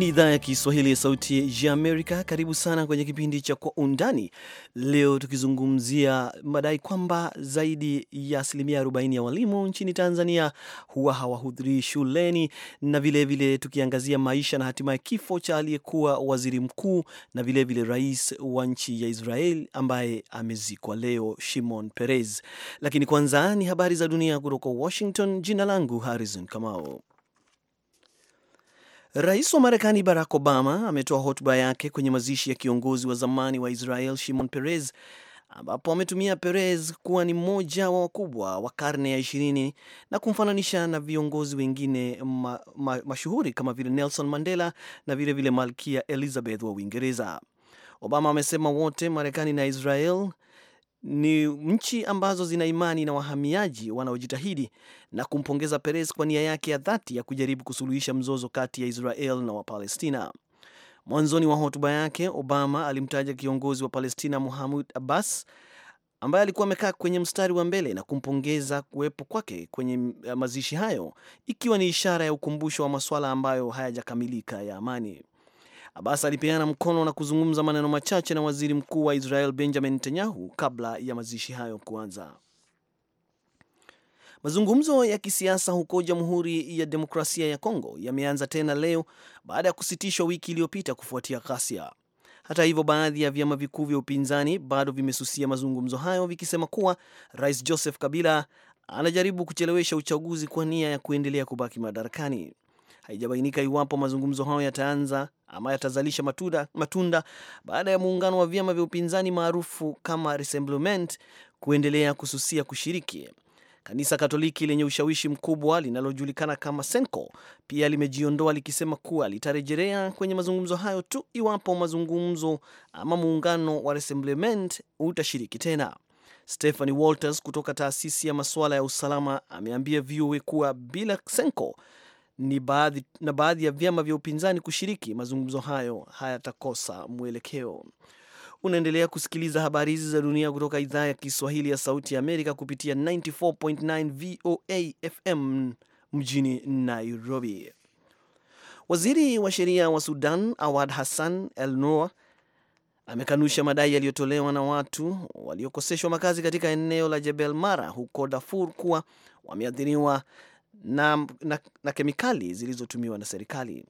ni idhaa ya Kiswahili ya Sauti ya Amerika. Karibu sana kwenye kipindi cha Kwa Undani, leo tukizungumzia madai kwamba zaidi ya asilimia 40 ya walimu nchini Tanzania huwa hawahudhurii shuleni na vilevile vile tukiangazia maisha na hatimaye kifo cha aliyekuwa waziri mkuu na vilevile vile rais wa nchi ya Israel ambaye amezikwa leo, Shimon Peres. Lakini kwanza ni habari za dunia kutoka Washington. Jina langu Harrison Kamao. Rais wa Marekani Barack Obama ametoa hotuba yake kwenye mazishi ya kiongozi wa zamani wa Israel Shimon Peres, ambapo ametumia Peres kuwa ni mmoja wa wakubwa wa karne ya ishirini na kumfananisha na viongozi wengine ma, ma, mashuhuri kama vile Nelson Mandela na vilevile Malkia Elizabeth wa Uingereza. Obama amesema wote Marekani na Israel ni nchi ambazo zina imani na wahamiaji wanaojitahidi na kumpongeza Peres kwa nia yake ya dhati ya kujaribu kusuluhisha mzozo kati ya Israel na Wapalestina. Mwanzoni wa hotuba yake, Obama alimtaja kiongozi wa Palestina Muhamud Abbas ambaye alikuwa amekaa kwenye mstari wa mbele na kumpongeza kuwepo kwake kwenye eh, mazishi hayo, ikiwa ni ishara ya ukumbusho wa masuala ambayo hayajakamilika ya amani. Abbas alipeana mkono na kuzungumza maneno machache na waziri mkuu wa Israel Benjamin Netanyahu kabla ya mazishi hayo kuanza. Mazungumzo ya kisiasa huko Jamhuri ya Demokrasia ya Kongo yameanza tena leo baada ya kusitishwa wiki iliyopita kufuatia ghasia. Hata hivyo, baadhi ya vyama vikuu vya upinzani bado vimesusia mazungumzo hayo vikisema kuwa Rais Joseph Kabila anajaribu kuchelewesha uchaguzi kwa nia ya kuendelea kubaki madarakani. Haijabainika iwapo mazungumzo hayo yataanza ama yatazalisha matunda, matunda baada ya muungano wa vyama vya upinzani maarufu kama Rassemblement kuendelea kususia kushiriki. Kanisa Katoliki lenye ushawishi mkubwa linalojulikana kama Senko pia limejiondoa likisema kuwa litarejelea kwenye mazungumzo hayo tu iwapo mazungumzo ama muungano wa Rassemblement utashiriki tena. Stephanie Walters kutoka taasisi ya masuala ya usalama ameambia VOA kuwa bila Senko ni baadhi, na baadhi ya vyama vya upinzani kushiriki mazungumzo hayo hayatakosa mwelekeo. Unaendelea kusikiliza habari hizi za dunia kutoka idhaa ya Kiswahili ya Sauti ya Amerika kupitia 94.9 VOA FM mjini Nairobi. Waziri wa sheria wa Sudan Awad Hassan El Noor amekanusha madai yaliyotolewa na watu waliokoseshwa makazi katika eneo la Jebel Mara huko Darfur kuwa wameathiriwa na, na, na kemikali zilizotumiwa na serikali.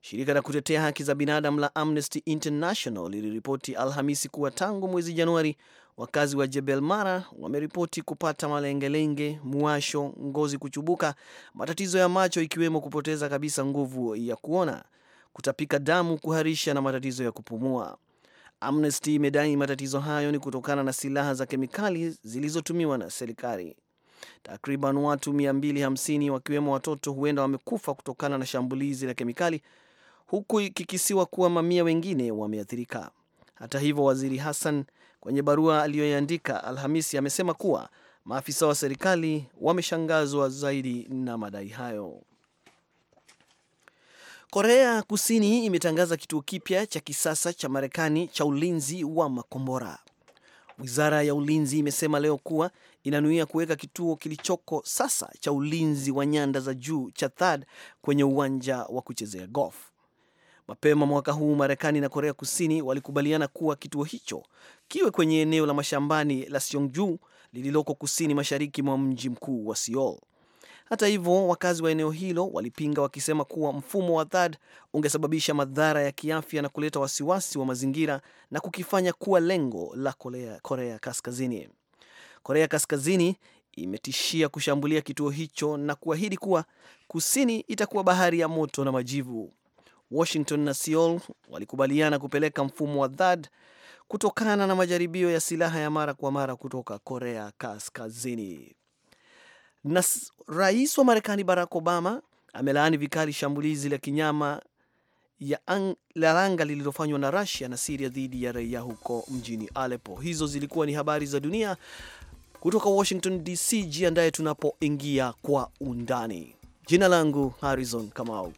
Shirika la kutetea haki za binadamu la Amnesty International liliripoti Alhamisi kuwa tangu mwezi Januari wakazi wa Jebel Mara wameripoti kupata malengelenge, muwasho, ngozi kuchubuka, matatizo ya macho ikiwemo kupoteza kabisa nguvu ya kuona, kutapika damu, kuharisha na matatizo ya kupumua. Amnesty imedai matatizo hayo ni kutokana na silaha za kemikali zilizotumiwa na serikali. Takriban watu 250 wakiwemo watoto huenda wamekufa kutokana na shambulizi la kemikali, huku ikikisiwa kuwa mamia wengine wameathirika. Hata hivyo, waziri Hassan kwenye barua aliyoiandika Alhamisi amesema kuwa maafisa wa serikali wameshangazwa zaidi na madai hayo. Korea Kusini imetangaza kituo kipya cha kisasa cha Marekani cha ulinzi wa makombora. Wizara ya ulinzi imesema leo kuwa inanuia kuweka kituo kilichoko sasa cha ulinzi wa nyanda za juu cha THAD kwenye uwanja wa kuchezea golf. Mapema mwaka huu Marekani na Korea Kusini walikubaliana kuwa kituo hicho kiwe kwenye eneo la mashambani la Seongju lililoko kusini mashariki mwa mji mkuu wa Seoul. Hata hivyo, wakazi wa eneo hilo walipinga wakisema kuwa mfumo wa THAAD ungesababisha madhara ya kiafya na kuleta wasiwasi wa mazingira na kukifanya kuwa lengo la Korea Kaskazini. Korea Kaskazini imetishia kushambulia kituo hicho na kuahidi kuwa kusini itakuwa bahari ya moto na majivu. Washington na Seoul walikubaliana kupeleka mfumo wa THAAD kutokana na majaribio ya silaha ya mara kwa mara kutoka Korea Kaskazini. Na rais wa Marekani Barack Obama amelaani vikali shambulizi la kinyama ya ang, la anga lililofanywa na Russia na siria dhidi ya raia huko mjini Aleppo. Hizo zilikuwa ni habari za dunia kutoka Washington DC. Jiandaye tunapoingia kwa undani. Jina langu Harrison Kamau.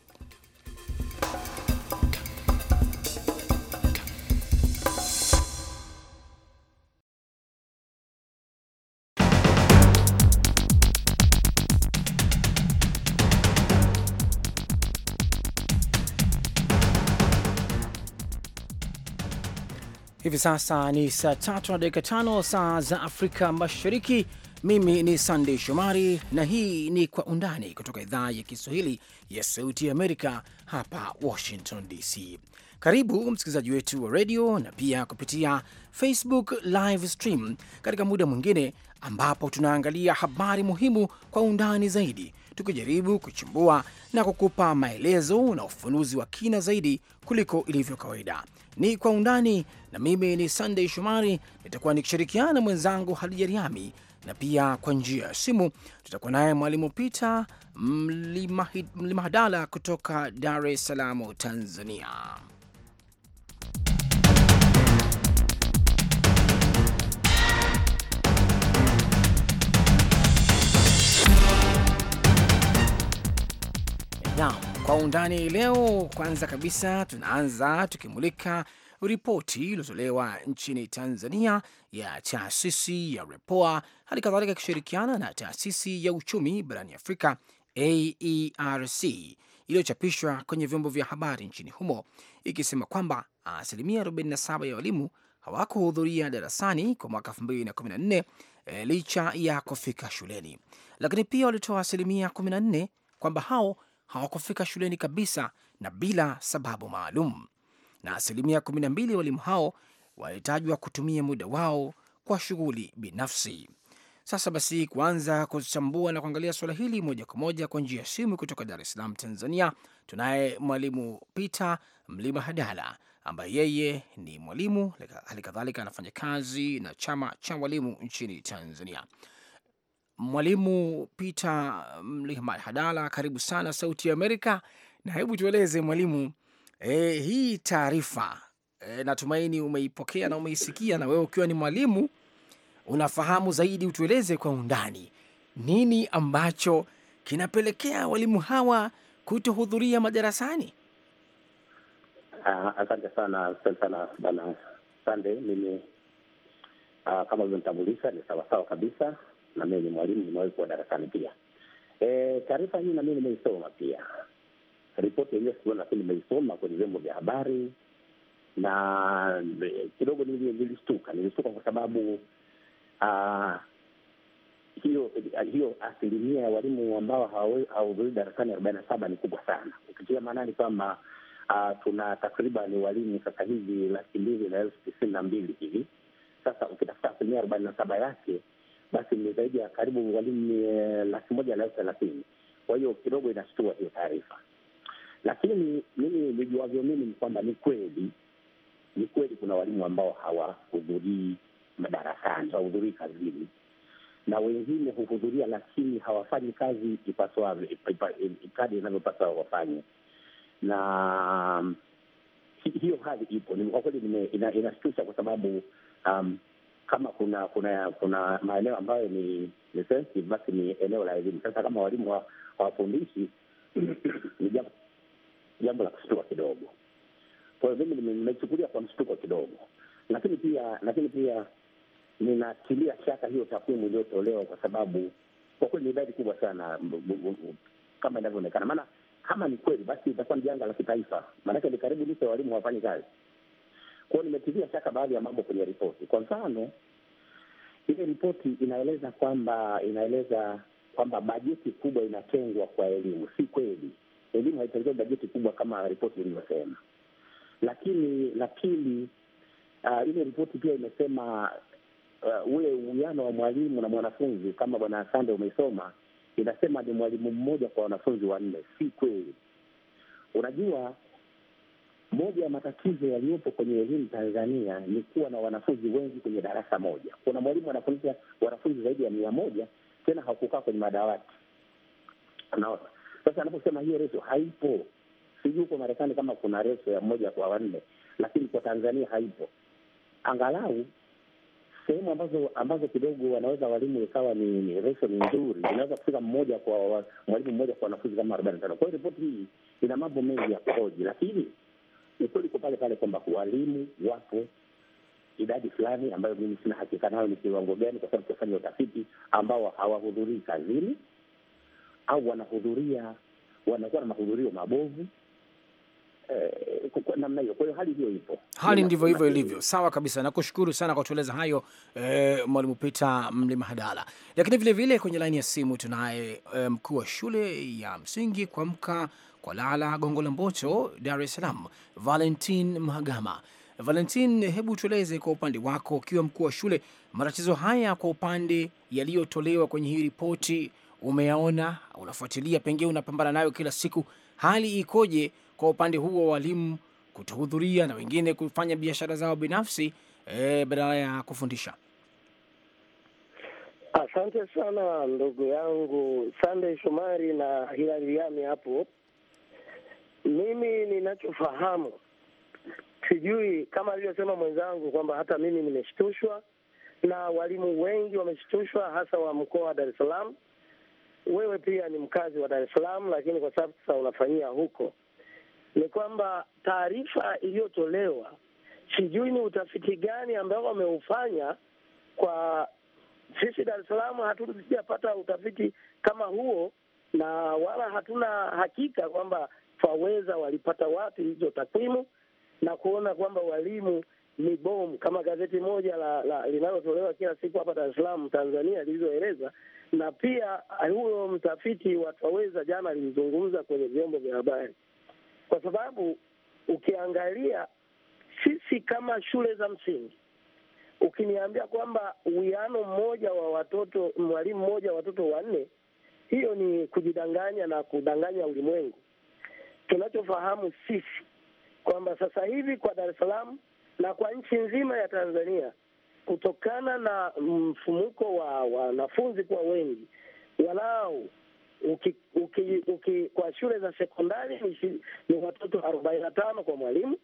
Hivi sasa ni saa tatu na dakika tano saa za Afrika Mashariki. Mimi ni Sandey Shomari na hii ni Kwa Undani kutoka idhaa ya Kiswahili ya Sauti ya Amerika hapa Washington DC. Karibu msikilizaji wetu wa redio na pia kupitia Facebook live stream katika muda mwingine ambapo tunaangalia habari muhimu kwa undani zaidi tukijaribu kuchimbua na kukupa maelezo na ufunuzi wa kina zaidi kuliko ilivyo kawaida. Ni kwa undani, na mimi ni sandey Shomari, nitakuwa nikishirikiana na mwenzangu Hadija Riami, na pia kwa njia ya simu tutakuwa naye Mwalimu Peter Mlimahadala kutoka Dar es Salaam, Tanzania. Naam, kwa undani leo. Kwanza kabisa, tunaanza tukimulika ripoti iliyotolewa nchini Tanzania ya taasisi ya Repoa, hali kadhalika ikishirikiana na taasisi ya uchumi barani Afrika AERC iliyochapishwa kwenye vyombo vya habari nchini humo ikisema kwamba asilimia 47 ya walimu hawakuhudhuria darasani kwa mwaka 2014 eh, licha ya kufika shuleni, lakini pia walitoa asilimia 14 kwamba hao hawakufika shuleni kabisa na bila sababu maalum, na asilimia 12 walimu hao walitajwa kutumia muda wao kwa shughuli binafsi. Sasa basi, kuanza kuchambua na kuangalia suala hili moja kwa moja kwa njia ya simu kutoka Dar es Salaam, Tanzania, tunaye mwalimu Peter Mlima Hadala ambaye yeye ni mwalimu, hali kadhalika anafanya kazi na chama cha walimu nchini Tanzania. Mwalimu Peter Mlihma Hadala, karibu sana Sauti ya Amerika, na hebu tueleze mwalimu, e, hii taarifa e, natumaini umeipokea na umeisikia, na wewe ukiwa ni mwalimu unafahamu zaidi, utueleze kwa undani nini ambacho kinapelekea walimu hawa kutohudhuria madarasani? Uh, asante sana, sana bana Sande. Mimi uh, kama ulivyotambulisha ni sawasawa kabisa na mimi ni mwalimu, nimewahi kuwa darasani pia. E, taarifa hii na mimi nimeisoma pia, ripoti yenyewe sikuona, lakini nimeisoma kwenye vyombo vya habari na e, kidogo nilishtuka, nilishtuka kwa sababu hiyo hiyo asilimia ya walimu ambao hawahudhurii darasani arobaini na saba ni kubwa sana, ukitia maanani kwamba uh, tuna takriban walimu sasa hivi laki mbili na elfu tisini na mbili hivi. Sasa ukitafuta asilimia arobaini na saba yake basi ni zaidi ya karibu walimu eh, laki moja na elfu thelathini. Kwa hiyo kidogo inashtua hiyo taarifa, lakini mimi nijuavyo mimi ni kwamba ni kweli, ni kweli kuna walimu ambao hawahudhurii madarasani, hawahudhurii kazini, na wengine huhudhuria lakini hawafanyi kazi ipaswavyo, kadi inavyopasa wafanye, na hiyo hali ipo kwa kweli, inashtusha kwa sababu um, kama kuna kuna kuna maeneo ambayo ni sensitive, basi ni eneo la elimu. Sasa kama walimu hawafundishi ni jambo la kushtuka kidogo. Kwa hiyo mimi nimechukulia kwa mshtuko kidogo, lakini pia lakini pia ninatilia shaka hiyo takwimu iliyotolewa, kwa sababu kwa kweli ni idadi kubwa sana kama inavyoonekana. Maana kama ni kweli, basi itakuwa ni janga la kitaifa, maanake ni karibu nusu ya walimu hawafanyi kazi. Kwao nimetilia shaka baadhi ya mambo kwenye ripoti. Kwa mfano, ile ripoti inaeleza kwamba inaeleza kwamba bajeti kubwa inatengwa kwa elimu. Si kweli, elimu haitengewi bajeti kubwa kama ripoti ilivyosema. Lakini la pili, uh, ile ripoti pia imesema uh, ule uwiano wa mwalimu na mwanafunzi, kama bwana Asande umeisoma, inasema ni mwalimu mmoja kwa wanafunzi wanne. Si kweli. Unajua, moja ya matatizo yaliyopo kwenye elimu Tanzania ni kuwa na wanafunzi wengi kwenye darasa moja. Kuna mwalimu anafundisha wanafunzi zaidi ya mia moja, tena hakukaa kwenye madawati. Unaona, sasa anaposema hiyo reso haipo. Sijui huko Marekani kama kuna reso ya moja kwa wanne, lakini kwa Tanzania haipo. Angalau sehemu ambazo ambazo kidogo wanaweza walimu ikawa ni reso ni nzuri, inaweza kufika mmoja kwa mwalimu mmoja kwa wanafunzi kama arobaini na tano. Kwa hiyo ripoti hii ina mambo mengi ya kuhoji, lakini ukweli uko pale pale kwamba walimu wapo idadi fulani ambayo mimi sina hakika nayo ni kiwango gani, kwa sababu tutafanya utafiti, ambao hawahudhurii kazini au wanahudhuria, wanakuwa na mahudhurio mabovu Eh, kwa namna hiyo. Kwa hiyo hali hiyo ipo, hali ndivyo hivyo ilivyo. Sawa kabisa, nakushukuru sana kwa kutueleza hayo eh, Mwalimu Peter Mlima Hadala. Lakini vile vile kwenye laini ya simu tunaye eh, mkuu wa shule ya msingi Kwamka kwa Lala, Gongo la Mboto, Dar es Salaam, Valentin Mhagama. Valentin, hebu tueleze kwa upande wako, ukiwa mkuu wa shule, matatizo haya kwa upande yaliyotolewa kwenye hii ripoti umeyaona, unafuatilia, pengine unapambana nayo kila siku, hali ikoje kwa upande huo walimu kutohudhuria na wengine kufanya biashara zao binafsi e, badala ya kufundisha. Asante sana ndugu yangu Sandey Shomari na Hilariami hapo. Mimi ninachofahamu, sijui kama alivyosema mwenzangu kwamba hata mimi nimeshtushwa na walimu wengi wameshtushwa, hasa wa mkoa wa Dar es Salaam. Wewe pia ni mkazi wa Dar es Salaam, lakini kwa sababu sasa unafanyia huko, ni kwamba taarifa iliyotolewa, sijui ni utafiti gani ambao wameufanya kwa sisi Dar es Salaam hatujapata utafiti kama huo, na wala hatuna hakika kwamba faweza walipata wapi hizo takwimu na kuona kwamba walimu ni bomu, kama gazeti moja la, la linalotolewa kila siku hapa Dar es Salaam Tanzania lilizoeleza. Na pia huyo mtafiti wa faweza jana alizungumza kwenye vyombo vya habari kwa sababu ukiangalia sisi kama shule za msingi, ukiniambia kwamba uwiano mmoja wa watoto mwalimu mmoja wa watoto wanne, hiyo ni kujidanganya na kudanganya ulimwengu. Tunachofahamu sisi kwamba sasa hivi kwa Dar es Salaam na kwa nchi nzima ya Tanzania, kutokana na mfumuko wa wanafunzi kwa wengi, walau uki, uki, uki, kwa shule za sekondari ni, watoto arobaini na tano kwa mwalimu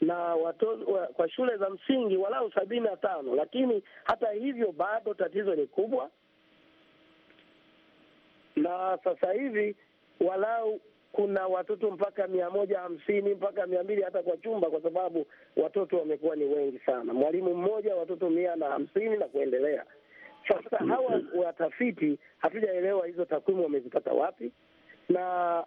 na watoto wa, kwa shule za msingi walau sabini na tano lakini hata hivyo bado tatizo ni kubwa, na sasa hivi walau kuna watoto mpaka mia moja hamsini mpaka mia mbili hata kwa chumba, kwa sababu watoto wamekuwa ni wengi sana. Mwalimu mmoja watoto mia na hamsini na kuendelea. Sasa mm-hmm. hawa watafiti hatujaelewa hizo takwimu wamezipata wapi, na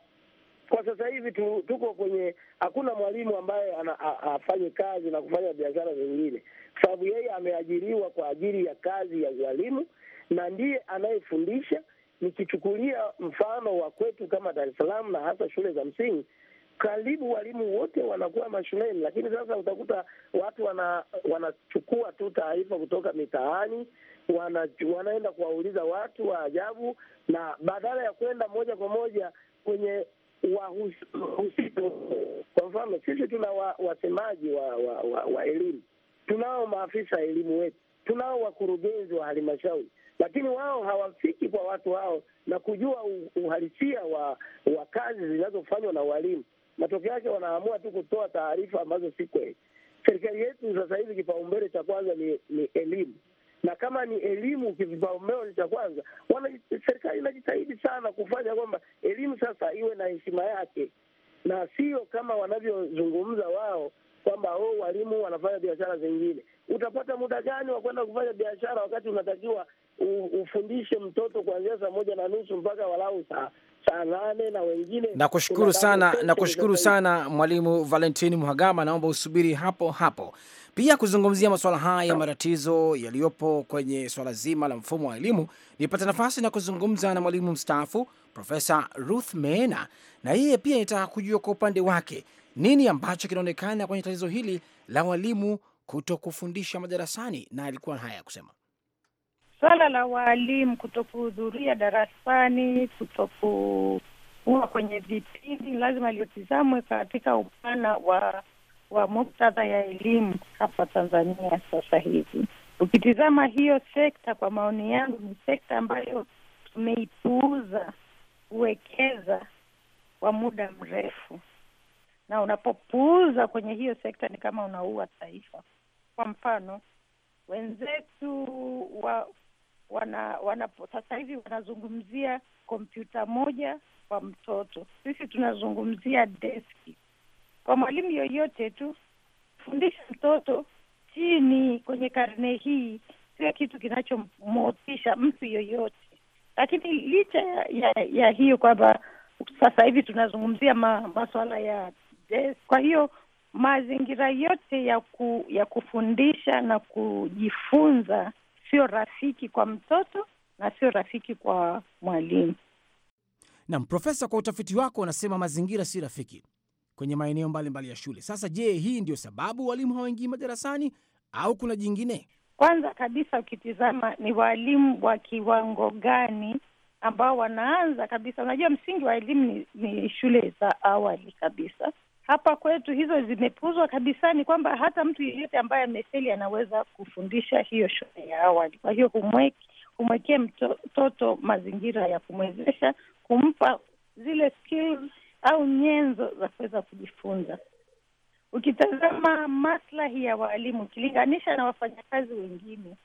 kwa sasa hivi tu, tuko kwenye hakuna mwalimu ambaye afanye kazi na kufanya biashara zingine, kwa sababu yeye ameajiriwa kwa ajili ya kazi ya ualimu na ndiye anayefundisha. Nikichukulia mfano wa kwetu kama Dar es Salaam na hasa shule za msingi karibu walimu wote wanakuwa mashuleni, lakini sasa utakuta watu wana, wanachukua tu taarifa kutoka mitaani wana, wanaenda kuwauliza watu wa ajabu, na badala ya kwenda moja kwa moja kwenye wahusika. Kwa mfano sisi tuna wa, wasemaji wa, wa, wa, wa elimu, tunao maafisa elimu wetu, tunao wakurugenzi wa halmashauri lakini wao hawafiki kwa watu hao na kujua uhalisia wa, wa kazi zinazofanywa na walimu. Matokeo yake wanaamua tu kutoa taarifa ambazo si kweli. Serikali yetu sasa hivi kipaumbele cha kwanza ni, ni elimu na kama ni elimu kipaumbele cha kwanza, wana serikali inajitahidi sana kufanya kwamba elimu sasa iwe na heshima yake, na sio kama wanavyozungumza wao kwamba oh, walimu wanafanya biashara zingine. Utapata muda gani wa kwenda kufanya biashara wakati unatakiwa ufundishe mtoto kuanzia saa moja na nusu mpaka walau saa saa nane na wengine. Nakushukuru sana, nakushukuru sana Mwalimu Valentini Mhagama, naomba usubiri hapo hapo pia kuzungumzia masuala haya ya matatizo yaliyopo kwenye swala zima la mfumo wa elimu. nipata nafasi na kuzungumza na mwalimu mstaafu Profesa Ruth Meena, na yeye pia nitaka kujua kwa upande wake nini ambacho kinaonekana kwenye tatizo hili la walimu kuto kufundisha madarasani, na alikuwa haya ya kusema. Swala la waalimu kutokuhudhuria darasani, kutokuwa kwenye vipindi, lazima liotizamwe katika upana wa wa muktadha ya elimu hapa Tanzania sasa hivi. Ukitizama hiyo sekta, kwa maoni yangu, ni sekta ambayo tumeipuuza kuwekeza kwa muda mrefu, na unapopuuza kwenye hiyo sekta ni kama unaua taifa. Kwa mfano wenzetu wa wana, wana sasa hivi wanazungumzia kompyuta moja kwa mtoto, sisi tunazungumzia deski. Kwa mwalimu yoyote tu, fundisha mtoto chini kwenye karne hii sio kitu kinachomotisha mtu yoyote. Lakini licha ya, ya, ya hiyo kwamba sasa hivi tunazungumzia ma, maswala ya desk. Kwa hiyo mazingira yote ya ku, ya kufundisha na kujifunza sio rafiki kwa mtoto na sio rafiki kwa mwalimu. nam Profesa, kwa utafiti wako unasema mazingira si rafiki kwenye maeneo mbalimbali ya shule. Sasa je, hii ndio sababu walimu hawaingii madarasani au kuna jingine? Kwanza kabisa ukitizama ni walimu wa kiwango gani ambao wanaanza kabisa. Unajua msingi wa elimu ni, ni shule za awali kabisa hapa kwetu hizo zimepuzwa kabisa. Ni kwamba hata mtu yeyote ambaye amefeli anaweza kufundisha hiyo shule ya awali. Kwa hiyo humwekee mtoto mazingira ya kumwezesha, kumpa zile skills au nyenzo za kuweza kujifunza. Ukitazama maslahi ya waalimu ukilinganisha na wafanyakazi wengine,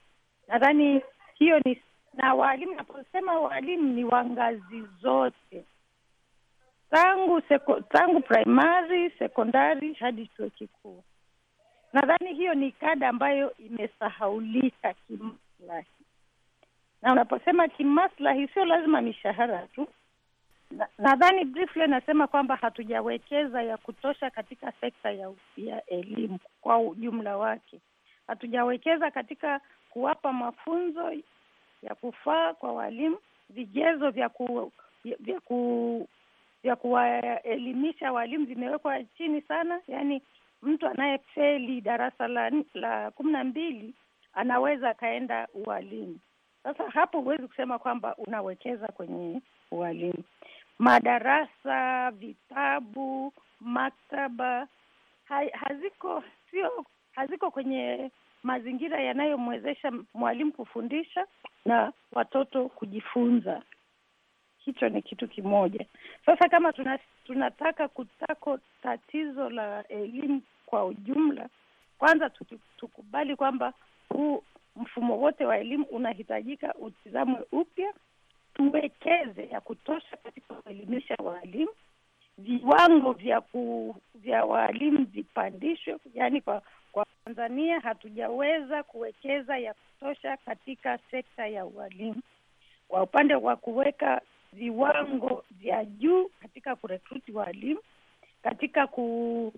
nadhani hiyo ni na waalimu. Naposema waalimu ni wa ngazi zote tangu seko, tangu primary, sekondari hadi chuo kikuu. Nadhani hiyo ni kada ambayo imesahaulika kimaslahi, na unaposema kimaslahi sio lazima mishahara tu. Nadhani na briefly anasema kwamba hatujawekeza ya kutosha katika sekta ya, ya elimu kwa ujumla wake. Hatujawekeza katika kuwapa mafunzo ya kufaa kwa walimu, vigezo vya ku, vya ku ya kuwaelimisha walimu zimewekwa chini sana, yaani mtu anayefeli darasa la, la kumi na mbili anaweza akaenda ualimu. Sasa hapo huwezi kusema kwamba unawekeza kwenye ualimu. Madarasa, vitabu, maktaba ha, haziko sio, haziko kwenye mazingira yanayomwezesha mwalimu kufundisha na watoto kujifunza kichwa ni kitu kimoja. Sasa kama tuna, tunataka kutako tatizo la elimu kwa ujumla, kwanza tukubali kwamba huu mfumo wote wa elimu unahitajika utizamwe upya, tuwekeze ya kutosha katika kuelimisha waalimu, viwango vya ku, vya waalimu vipandishwe. yani kwa kwa Tanzania hatujaweza kuwekeza ya kutosha katika sekta ya ualimu. Kwa upande wa kuweka viwango vya juu katika kurekruti waalimu katika ku,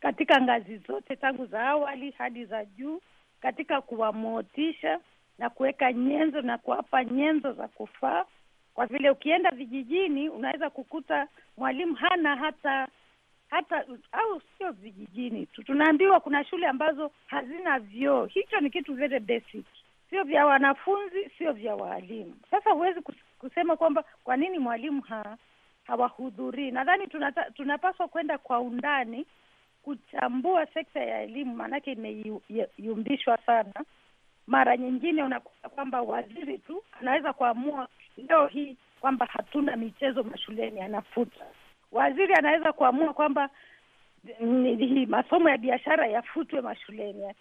katika ngazi zote tangu za awali hadi za juu katika kuwamotisha na kuweka nyenzo na kuwapa nyenzo za kufaa, kwa vile ukienda vijijini unaweza kukuta mwalimu hana hata hata au sio vijijini tu, tunaambiwa kuna shule ambazo hazina vyoo. Hicho ni kitu very basic, sio vya wanafunzi, sio vya waalimu. Sasa huwezi kusema kwamba kwa nini mwalimu ha hawahudhurii. Nadhani tunapaswa kwenda kwa undani kuchambua sekta ya elimu, maanake imeyumbishwa sana. Mara nyingine unakuta kwamba waziri tu anaweza kuamua leo hii kwamba hatuna michezo mashuleni, anafuta. Waziri anaweza kuamua kwamba masomo ya biashara yafutwe mashuleni.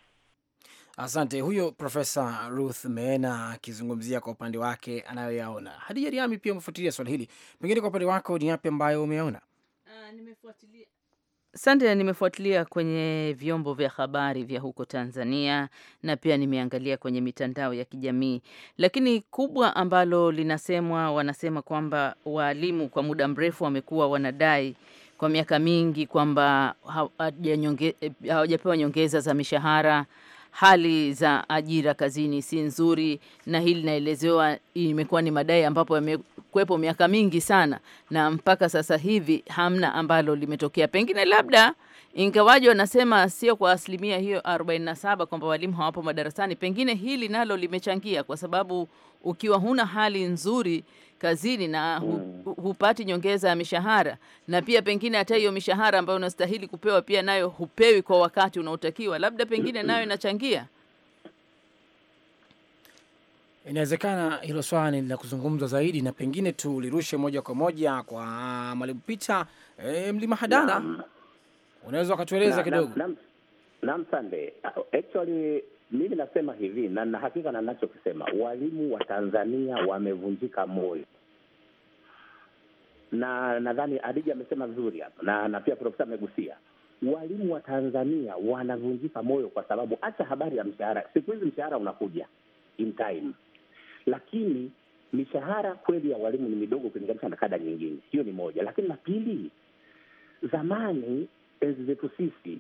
Asante. Huyo Profesa Ruth Meena akizungumzia kwa upande wake anayoyaona. Hadija Riami pia umefuatilia swala hili, pengine kwa upande wako ni yapi ambayo umeyaona? Sante, ah, nimefuatilia nimefuatilia kwenye vyombo vya habari vya huko Tanzania na pia nimeangalia kwenye mitandao ya kijamii, lakini kubwa ambalo linasemwa, wanasema kwamba waalimu kwa muda mrefu wamekuwa wanadai kwa miaka mingi kwamba hawajapewa nyongeza za mishahara hali za ajira kazini si nzuri, na hili linaelezewa imekuwa ni madai ambapo yamekuwepo miaka mingi sana, na mpaka sasa hivi hamna ambalo limetokea. Pengine labda ingawaji wanasema sio kwa asilimia hiyo 47 kwamba walimu hawapo madarasani, pengine hili nalo limechangia, kwa sababu ukiwa huna hali nzuri kazini na mm. hu, hupati nyongeza ya mishahara, na pia pengine hata hiyo mishahara ambayo unastahili kupewa pia nayo hupewi kwa wakati unaotakiwa, labda pengine mm. nayo inachangia. Inawezekana hilo swala ni la kuzungumzwa zaidi, na pengine tulirushe moja kwa moja kwa mwalimu Pita e, eh, mlima Hadara, unaweza ukatueleza kidogo. Naam, sande ah, actually mimi nasema hivi na na hakika na ninachokisema, walimu wa Tanzania wamevunjika moyo, na nadhani Adija amesema vizuri hapa na, na pia Profesa amegusia walimu wa Tanzania wanavunjika moyo kwa sababu hata habari ya mshahara, siku hizi mshahara unakuja in time, lakini mishahara kweli ya walimu ni midogo kulinganisha na kada nyingine. Hiyo ni moja, lakini la pili, zamani enzi zetu sisi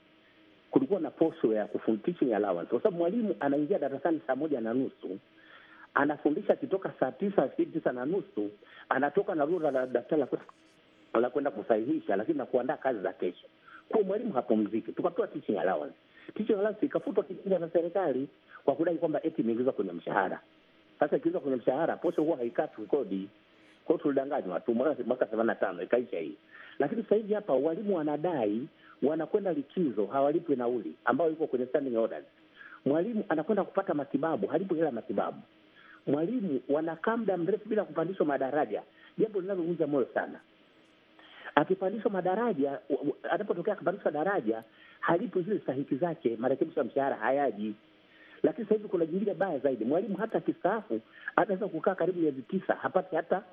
kulikuwa na posho ya teaching allowance, kwa sababu mwalimu anaingia darasani saa moja na nusu anafundisha akitoka saa tisa hadi tisa na nusu anatoka na rura la daftari la kwenda kusahihisha, lakini na kuandaa kazi za kesho. Kwa mwalimu hapumziki, tukatoa teaching allowance. Teaching allowance ikafutwa kipindi na serikali kwa kudai kwamba eti imeingizwa kwenye mshahara. Sasa ikiingizwa kwenye mshahara, posho huwa haikatwi kodi. Kwa hiyo tulidanganywa tu mwaka 85 ikaisha hii. Lakini sasa hivi hapa walimu wanadai wanakwenda likizo, hawalipwi nauli ambayo iko kwenye standing orders. Mwalimu anakwenda kupata matibabu, halipo hela matibabu. Mwalimu wanakaa muda mrefu bila kupandishwa madaraja, jambo linalovunja moyo sana. Akipandishwa madaraja, anapotokea akapandishwa daraja, halipo zile stahiki zake, marekebisho ya mshahara hayaji. Lakini sasa hivi kuna jingine baya zaidi, mwalimu hata akistaafu anaweza kukaa karibu miezi tisa hapati hata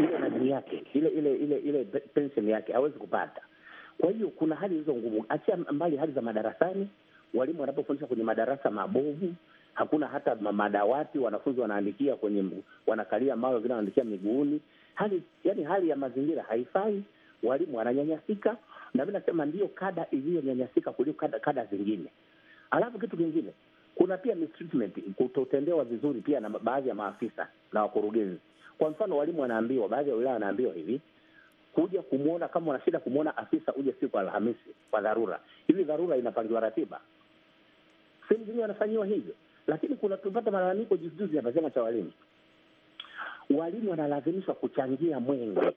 ile nani yake ile ile ile ile pension yake hawezi kupata. Kwa hiyo kuna hali hizo ngumu, achia mbali hali za madarasani, walimu wanapofundisha kwenye madarasa mabovu, hakuna hata madawati, wanafunzi wanaandikia kwenye, wanakalia mawe, wengine wanaandikia miguuni. Hali yani, hali ya mazingira haifai, walimu wananyanyasika, na mimi nasema ndiyo kada iliyonyanyasika kuliko kada, kada zingine. Alafu kitu kingine kuna pia mistreatment, kutotendewa vizuri pia na baadhi ya maafisa na wakurugenzi. Kwa mfano, walimu wanaambiwa, baadhi ya wilaya wanaambiwa hivi kuja kumwona kama una shida kumwona afisa, uje siku Alhamisi kwa dharura. Hivi dharura inapangiwa ratiba, sehemu zingine wanafanyiwa hivyo, lakini kuna tupata malalamiko juzi juzi hapa, chama cha walimu walimu wanalazimishwa kuchangia mwenge,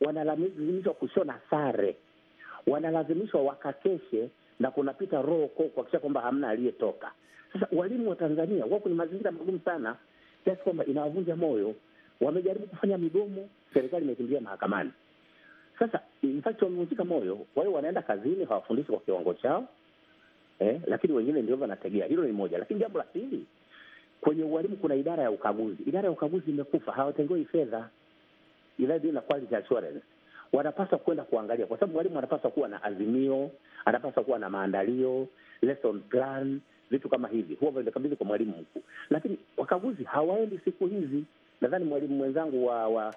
wanalazimishwa kushona sare, wanalazimishwa wakakeshe, na kunapita roho kwa kuhakikisha kwamba hamna aliyetoka. Sasa walimu wa Tanzania wako kwenye mazingira magumu sana, kiasi kwamba inawavunja moyo. Wamejaribu kufanya migomo, serikali imekimbia mahakamani. Sasa in fact wamevunjika moyo, kwa hiyo wanaenda kazini, hawafundishi kwa kiwango chao eh, lakini wengine ndio wanategea. Hilo ni moja, lakini jambo la pili, kwenye ualimu kuna idara ya ukaguzi. Idara ya ukaguzi imekufa, hawatengewi fedha. Idara ya quality assurance wanapaswa kwenda kuangalia, kwa sababu mwalimu anapaswa kuwa na azimio, anapaswa kuwa na maandalio, lesson plan, vitu kama hivi huwa vinakabidhi kwa mwalimu mkuu, lakini wakaguzi hawaendi siku hizi. Nadhani mwalimu mwenzangu wa, wa,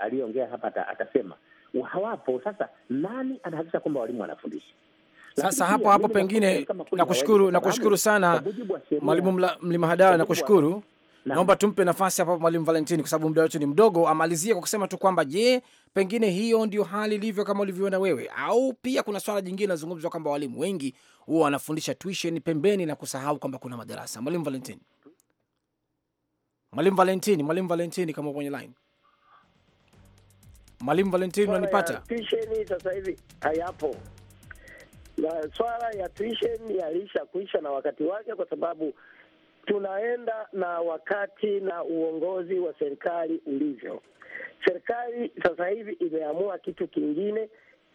aliyeongea hapa atasema ata hawapo. Sasa nani anahakikisha kwamba walimu wanafundisha? Sasa hapo hapo pengine, nakushukuru nakushukuru sana mwalimu Mlima Hadawe, nakushukuru. Naomba tumpe nafasi hapo mwalimu Valentini kwa sababu muda wetu ni mdogo, amalizie kwa kusema tu kwamba je, pengine hiyo ndio hali ilivyo kama ulivyoona wewe, au pia kuna swala jingine linazungumzwa kwamba walimu wengi huwa wanafundisha tuition pembeni na kusahau kwamba kuna madarasa. Mwalimu Valentini, mwalimu Valentini, mwalimu Valentini, kama kwenye line Mwalimu Valentini, unanipata? sasa hivi hayapo na swala ya tuition kuisha na wakati wake, kwa sababu tunaenda na wakati na uongozi wa serikali ulivyo. Serikali sasa hivi imeamua kitu kingine,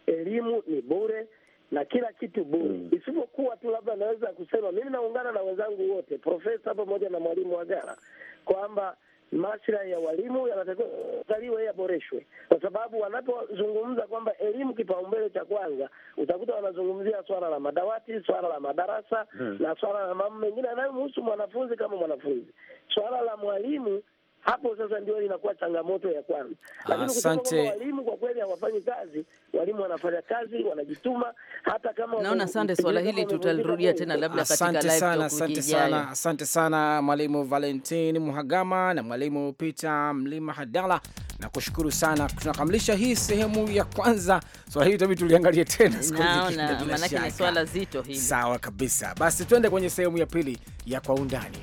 elimu ni bure na kila kitu bure mm. Isipokuwa tu labda naweza kusema mimi naungana na wenzangu wote, profesa pamoja na mwalimu Wagara kwamba maslahi ya walimu yanatakiwa angaliwe, yaboreshwe, kwa sababu wanapozungumza kwamba elimu kipaumbele cha kwanza, utakuta wanazungumzia swala la madawati, swala la madarasa hmm, na swala la mambo mengine yanayomhusu mwanafunzi kama mwanafunzi. Swala la mwalimu hapo sasa ndio inakuwa changamoto ya kwanza, lakini asante. Walimu kwa kweli hawafanyi kazi, walimu wanafanya kazi, wanajituma hata kama naona. Asante, swala hili tutalirudia tena labda katika live sana. Asante sana, asante sana mwalimu Valentin Muhagama na mwalimu Peter Mlima Hadala, na kushukuru sana. Tunakamilisha hii sehemu ya kwanza. Swala hili tabii tuliangalia tena siku nyingine, maana ni swala zito hili. Sawa kabisa, basi twende kwenye sehemu ya pili ya kwa undani.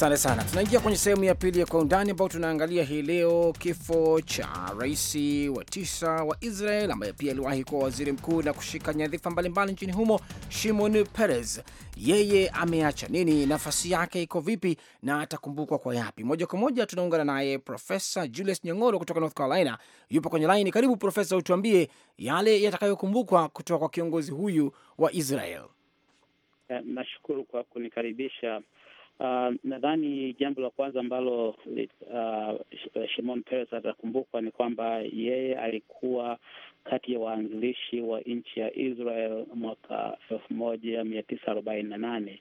Asante sana. Tunaingia kwenye sehemu ya pili ya Kwa Undani, ambao tunaangalia hii leo kifo cha rais wa tisa wa Israel ambaye pia aliwahi kuwa waziri mkuu na kushika nyadhifa mbalimbali nchini humo, Shimon Peres. Yeye ameacha nini? Nafasi yake iko vipi na atakumbukwa kwa yapi? Moja kwa moja tunaungana naye Profesa Julius Nyang'oro kutoka North Carolina, yupo kwenye laini. Karibu Profesa, utuambie yale yatakayokumbukwa kutoka kwa kiongozi huyu wa Israel. Eh, nashukuru kwa kunikaribisha. Uh, nadhani jambo la kwanza ambalo uh, Shimon Peres atakumbukwa ni kwamba yeye alikuwa kati ya waanzilishi wa nchi ya Israel mwaka elfu moja mia tisa arobaini na nane.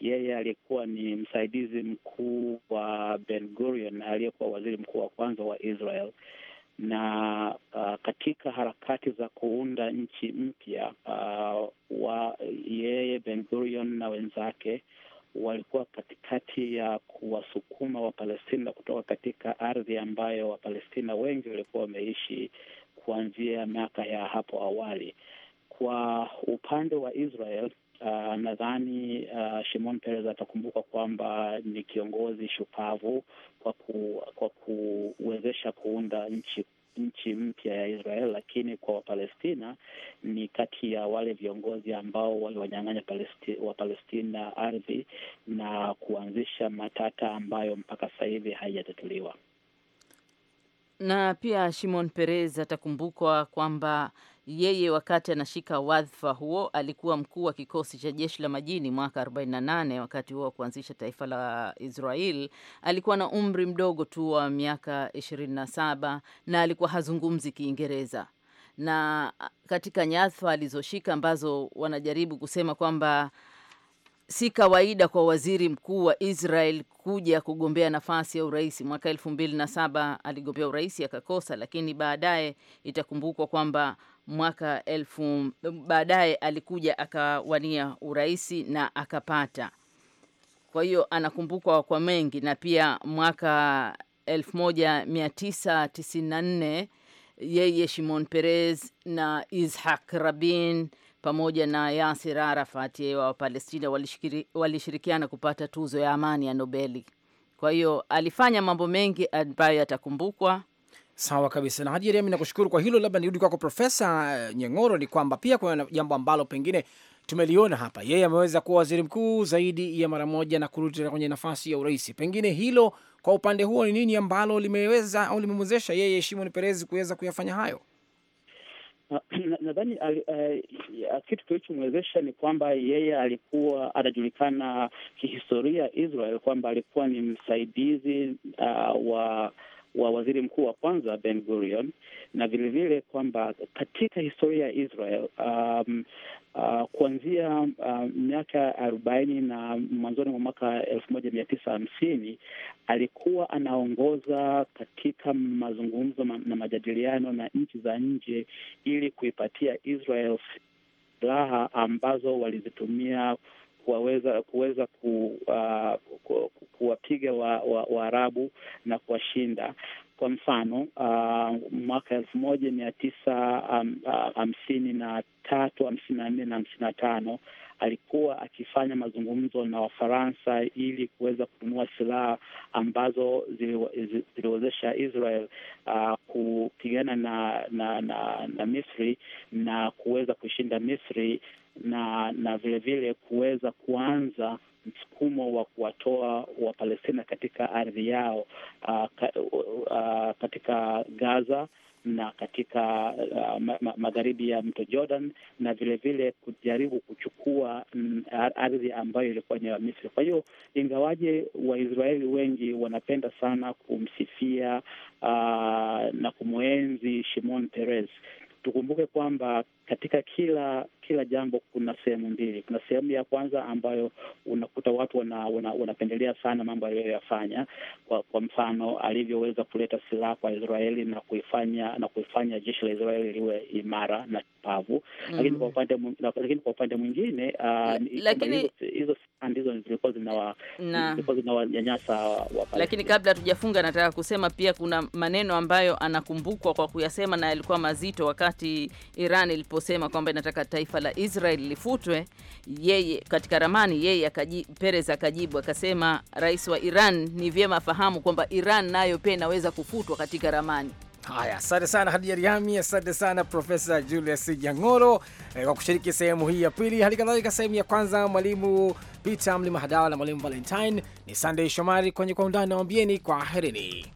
Yeye alikuwa ni msaidizi mkuu wa Ben Gurion aliyekuwa waziri mkuu wa kwanza wa Israel na uh, katika harakati za kuunda nchi mpya uh, wa yeye Ben Gurion na wenzake walikuwa katikati ya kuwasukuma Wapalestina kutoka katika ardhi ambayo Wapalestina wengi walikuwa wameishi kuanzia miaka ya hapo awali. Kwa upande wa Israel, uh, nadhani uh, Shimon Peres atakumbuka kwamba ni kiongozi shupavu kwa, ku, kwa kuwezesha kuunda nchi nchi mpya ya Israel, lakini kwa Wapalestina ni kati ya wale viongozi ambao waliwanyang'anya Wapalestina ardhi na kuanzisha matata ambayo mpaka sasa hivi haijatatuliwa. Na pia Shimon Peres atakumbukwa kwamba yeye wakati anashika wadhifa huo alikuwa mkuu wa kikosi cha jeshi la majini mwaka 48 wakati huo wa kuanzisha taifa la Israel. Alikuwa na umri mdogo tu wa miaka 27 na alikuwa hazungumzi Kiingereza na katika nyadhifa alizoshika ambazo wanajaribu kusema kwamba si kawaida kwa waziri mkuu wa Israel kuja kugombea nafasi ya urais. Mwaka elfu mbili na saba aligombea urais akakosa, lakini baadaye itakumbukwa kwamba mwaka elfu baadaye alikuja akawania uraisi na akapata. Kwa hiyo anakumbukwa kwa mengi, na pia mwaka 1994 yeye Shimon Peres na Ishak Rabin pamoja na Yasir Arafat yeye wa Palestina walishirikiana kupata tuzo ya amani ya Nobeli. Kwa hiyo alifanya mambo mengi ambayo yatakumbukwa Sawa kabisa na Haji Riami, nakushukuru kwa hilo. Labda nirudi kwako Profesa eh, Nyeng'oro, ni kwamba pia kuna jambo ambalo pengine tumeliona hapa, yeye ameweza kuwa waziri mkuu zaidi ya mara moja na kurudi tena kwenye nafasi ya urais. Pengine hilo kwa upande huo ni nini ambalo limeweza au limemwezesha yeye Shimon Perez kuweza kuyafanya hayo? Nadhani na, na, eh, kitu kilichomwezesha ni kwamba yeye alikuwa anajulikana kihistoria Israel kwamba alikuwa ni msaidizi uh, wa wa waziri mkuu wa kwanza Ben Gurion, na vilevile kwamba katika historia ya Israel um, Uh, kuanzia uh, miaka arobaini na mwanzoni mwa mwaka elfu moja mia tisa hamsini alikuwa anaongoza katika mazungumzo na majadiliano na nchi za nje ili kuipatia Israel silaha ambazo walizitumia kuweza kuweza ku, uh, ku, kuwapiga Waarabu wa, wa na kuwashinda. Kwa mfano uh, mwaka elfu moja mia tisa hamsini um, uh, na tatu hamsini na nne na hamsini na tano alikuwa akifanya mazungumzo na Wafaransa ili kuweza kununua silaha ambazo ziliwezesha Israel uh, kupigana na na, na na Misri na kuweza kushinda Misri na na vilevile kuweza kuanza msukumo wa kuwatoa Wapalestina katika ardhi yao, uh, ka, uh, uh, katika Gaza na katika uh, ma, ma, magharibi ya mto Jordan na vilevile vile kujaribu kuchukua mm, ardhi ambayo ilikuwa ni ya Misri. Kwa hiyo ingawaje Waisraeli wengi wanapenda sana kumsifia uh, na kumwenzi Shimon Peres, tukumbuke kwamba katika kila kila jambo kuna sehemu mbili. Kuna sehemu ya kwanza ambayo unakuta watu wanapendelea wana, wana sana mambo aliyoyafanya kwa, kwa mfano alivyoweza kuleta silaha kwa Israeli na kuifanya na kuifanya jeshi la Israeli liwe imara na pavu. Mm-hmm. Lakini kwa upande lakini kwa upande mwingine ah, hizo silaha ndizo zilikuwa zinawanyanyasa Lakini kabla hatujafunga, nataka kusema pia kuna maneno ambayo anakumbukwa kwa kuyasema na yalikuwa mazito wakati Iran ilipo aliposema kwamba inataka taifa la Israel lifutwe yeye katika ramani, yeye Perez akajibu akasema, rais wa Iran ni vyema afahamu kwamba Iran nayo pia inaweza kufutwa katika ramani. Haya, asante sana Hadija Riami, asante sana Profesa Julius Jang'oro eh, kwa kushiriki sehemu hii ya pili. Hali kadhalika sehemu ya kwanza, mwalimu Peter Mlima Hadawa na mwalimu Valentine. Ni Sunday Shomari kwenye Kwa Undani, nawambieni kwaherini.